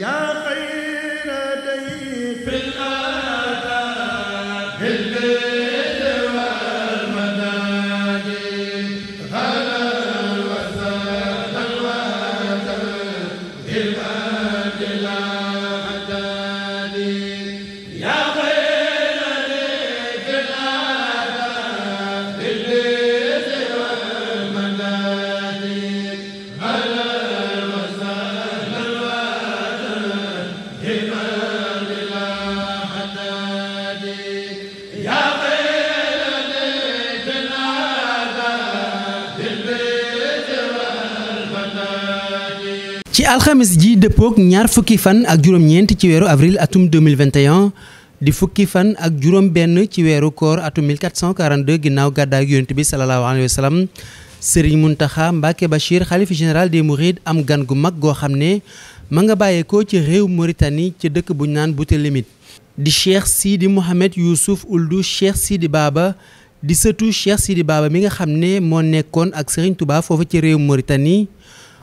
yaa alxames ji dëppook ñaar fukki fan ak juróom-ñeent ci weeru avril atum 2021 di fukki fan ak juróom benn ci weeru koor atum 1442 ginnaaw gàddaay yonent bi salallaahu alayhi wa sallam Serigne Mountakha Mbacké Bachir xalif général de Mourides am gan gu mag goo xam ne ma nga bàyyeekoo ci réew Mauritanie ci dëkk bu ñu naan Boutélimite di Cheikh Sidi Mouhamed Youssouf Ould Cheikh Sidi baaba di sëtu Cheikh Sidi Baba mi nga xam ne moo nekkoon ak Serigne Touba foofu ci réew Mauritanie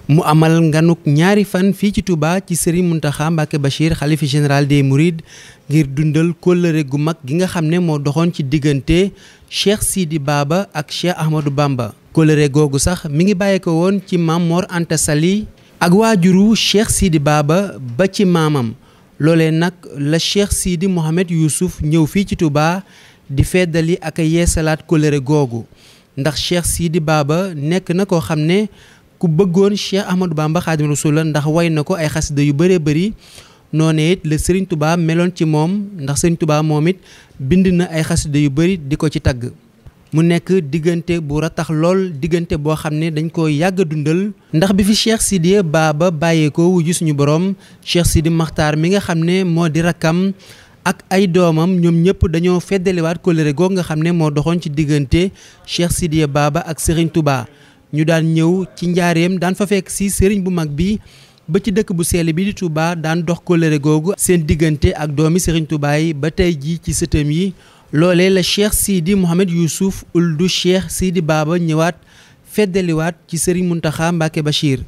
mu amal nganuk ñaari fan fii ci tubaa ci Serigne Mountakha Mbacké Bachir xalifa général des Mourides ngir dundal kóllëre gu mag gi nga xam ne moo doxoon ci diggante Cheikh Sidi Baba ak Cheikh Ahmadou Bamba. kóllëre googu sax mu ngi bàyyi ko woon ci maam Mor Anta ak waajuru Cheikh Sidi Baba ba ci maamam loolee nag la Cheikh Sidi Mohamed Youssouf ñëw fii ci tubaa di feddali ak yeesalaat kóllëre googu ndax Cheikh Sidi baaba nekk na koo xam ne. ku bëggoon Cheikh Ahmadou Bamba Xaadimu Rasuul la ndax way na ko ay xasida yu bëree bëri noonee it la Serigne Touba meloon ci moom ndax Serigne Touba moom it bind na ay xasida yu bëri di ko ci tagg. mu nekk diggante bu ratax lool diggante boo xam ne dañ ko yàgga dundal ndax bi fi Cheikh Sidiye Baba bàyyeekoo wujj suñu borom Cheikh Sidi Maxtaar mi nga xam ne moo di rakkam ak ay doomam ñoom ñëpp dañoo feddaliwaat kóllëre googu nga xam ne moo doxoon ci diggante Cheikh Sidiye Baba ak Serigne Touba. ñu daan ñëw ci njaareem daan fa fekk si sëriñ bu mag bi ba ci dëkk bu sell bi di tubaa daan dox kóllëre googu seen diggante ak doomi sëriñ Touba yi ba tey jii ci sëtëm yi loolee la Cheikh Sidi Mouhamed Youssouf uldu Cheikh Sidi baaba ñëwaat feddaliwaat ci sëriñ Mountakha Mbacké Bachir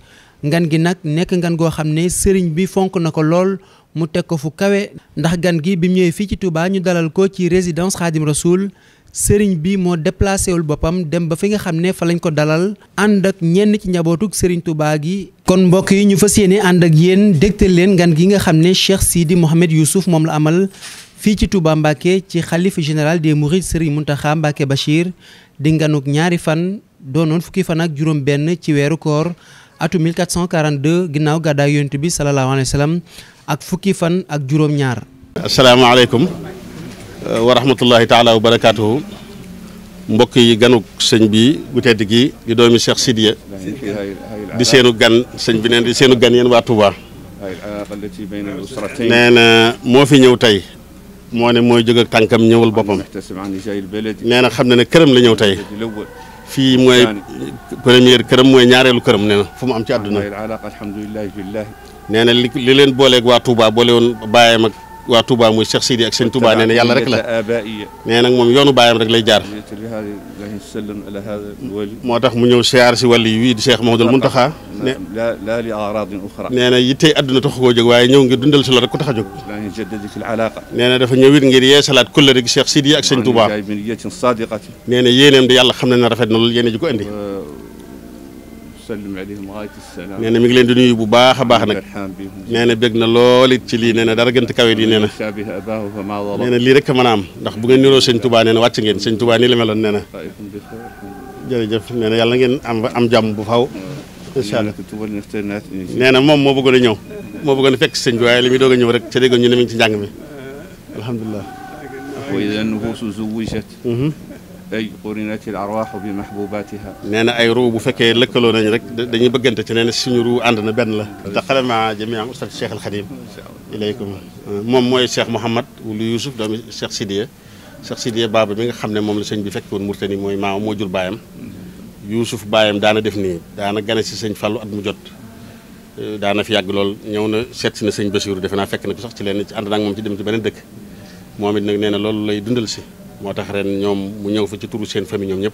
ngan gi nag nekk ngan goo xam ne sëriñ bi fonk na ko lool mu teg ko fu kawe ndax gan gi bi mu ñëwee fii ci Touba ñu dalal ko ci résidence Khadim Rasoul sëriñ bi moo déplacé wul boppam dem ba fi nga xam ne fa lañ ko dalal ànd ak ñenn ci njabootug sëriñ Touba gi. kon mbokk yi ñu fas yéene ànd ak yéen dégtal leen ngan gi nga xam ne Cheikh Sidi Mouhamed Youssouf moom la amal fii ci Touba Mbacké ci xalif général des Mourides sëriñ Mountakha Mbacké Bachir di nganuk ñaari fan doonoon fukki fan ak juróom-benn ci weeru koor atu 1442 ginnaaw gàddaay yonent bi salallaahu alayhi wa ak fukki fan ak juróom-ñaar. wa rahmatullahi taala wa barakaatuhu mbokk yi ganuk sëñ bi gu tedd gi di doomi Cheikh Sidiya di seenu gan sëñ bi neen di seenu gan yéen waa Touba nee na moo fi ñëw tey moo ne mooy jóg ak tànkam ñëwal boppam nee na xam na ne këram la ñëw tey fii mooy première këram mooy ñaareelu këram nee na fu mu am ci àdduna nee na li leen booleeg waa Touba boole woon bàyyam ak waa Touba muy Cheikh Sidi ak sëñ Touba nee na yàlla rek la nee nag moom yoonu baayam rek lay jaar moo tax mu ñëw siyaar si wàll yi wii di Cheikh Mouhamadoul Mountakha nee na yittey àdduna taxu koo jóg waaye ñëw ngir dundal si la rek ko tax a jóg nee na dafa ñëw it ngir yeesalaat kóllëre gi Cheikh Sidi ak sëñ Touba yàlla xam na ne rafet na loolu yéene ko indi nee na mi ngi bu baax a baax nag nee na bég na lool it ci lii nee na dara gënt kawe di nee na nee na lii rek mën a am ndax bu ngeen niroo sëñ Touba nee na wàcc ngeen sëñ Touba nii la meloon nee na jërëjëf nee na yàlla ngeen am am jàmm bu faw incha allah na moom moo bëggoon a ñëw moo bëggoon a fekk sëñ bi waaye li muy a ñëw rek ca déggoon ñu ne mi ngi ci ay urinati al arwaaxu bi mahbubatiha nee na ay ruu bu fekkee lëkkaloo nañu rek dañuy bëggante ci nee na suñu ruu ànd na benn la daqale ma jamiam ustad cheikh al xadim ilaykum moom mooy cheikh mouhamad wulu yousuf doomi cheikh sidiya cheikh sidiya baaba mi nga xam ne moom la sëñ bi fekk woon murtani mooy maam moo jur baayam yuusuf baayam daana def nii daana gane si sëñ fàllu at mu jot euh, daana fi yàgg lool ñëw na seet si na sëñ basiru defe naa fekk na sax ci leen ci ànd naag moom ci dem ci beneen dëkk moom it nag nee na loolu lay dundal si moo tax ren ñoom mu ñëw fa ci turu seen famille ñoom ñëpp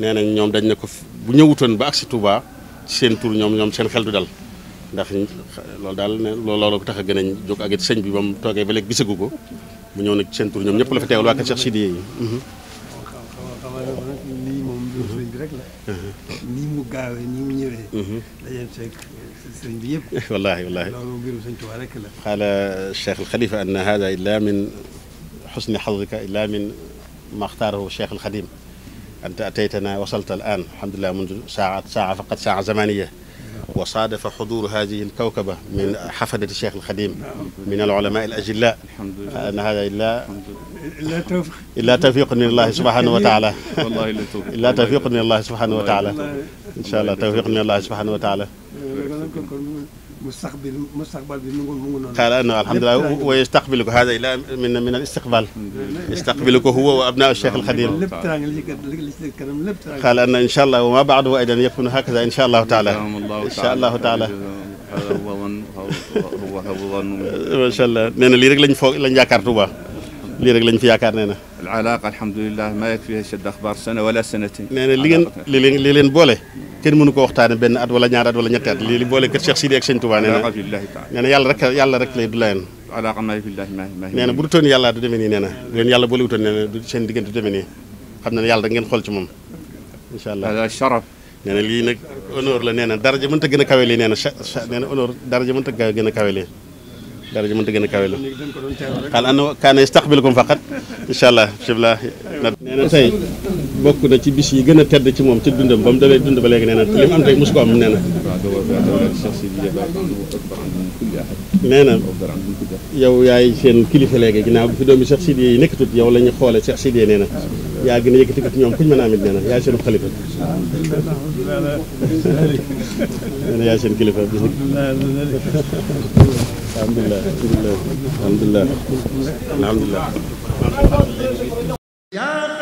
nee nañ ñoom dañ ne ko bu ñëwutoon ba si Touba ci seen tur ñoom ñoom seen xel du dal ndax loolu daal ne loolu ko tax a gën a jóg ak sëñ bi ba mu toogee ba léegi gisagu ko mu ñëw nag ci seen tur ñoom ñëpp la fa teewal waa kër Cheikh mhm. mhm. bi yëpp. wallaahi wallaahi loolu mbirum sëñ Tuubaa rek la. xaala Cheikh al Khalifa anna hada xusni xadrika illaa min maxtaarahu cheikh alxadim anta ataytana wasalta al an alhamdulilah mundu saa saa faqat saa zamaniya wa saadafa xuduuru haadihi alkawkaba min xafadati cheikh alxadim min alulama al ajilla na hada illa illa tawfiqun min allahi subhanahu wa taala illa tawfiqun min allahi subhanahu wa taala incha allah tawfiqun min allahi subhanahu wa taala مستقبل مستقبل قال أنه الحمد لله ويستقبلك هذا إلى من من الاستقبال يستقبلك هو وأبناء الشيخ الخديم قال أن إن شاء الله وما بعده أيضا يكون هكذا إن شاء الله تعالى إن شاء الله تعالى ما شاء الله nee na lii rek lañ foog lañ yaakaar Tuuba lii rek lañ fi yaakaar nee na العلاقة الحمد لله ما يكفيها شد أخبار سنة ولا سنتين nee na li ngeen li leen li leen boole kenn mënu ko waxtaane benn at wala ñaar at wala ñetti at lii li boole kër Cheikh Sidi ak sëñ Touba nee na nee na yàlla rek yàlla rek lay du layen nee na bu du toon yàlla du demee nii nee na bu leen yàlla boole wutoon nee seen diggante du demee nii xam na yàlla rek ngeen xool ci moom incha lii nag honneur la nee daraja mënta gën a kawe lii daraja mënta gën a kawe lii daraja mënta gën a kawe la xaal an kaana yastaqbilukum faqat incha allah na nee na tey bokk na ci bis yi gën a tedd ci moom ci dundam ba mu dalee dund ba léegi nee na li mu am tey mosu ko am nee na nee yaay seen kilifa léegi ginnaaw bi fi doomi Cheikh Sidiye yi nekkatut yow la ñu xoole Cheikh Sidiye nee na yaa gën a yëkkati ñoom ku ñu mën a amit nee yaay seen xalifa nee na yaay seen kilifa alhamdulilah yaa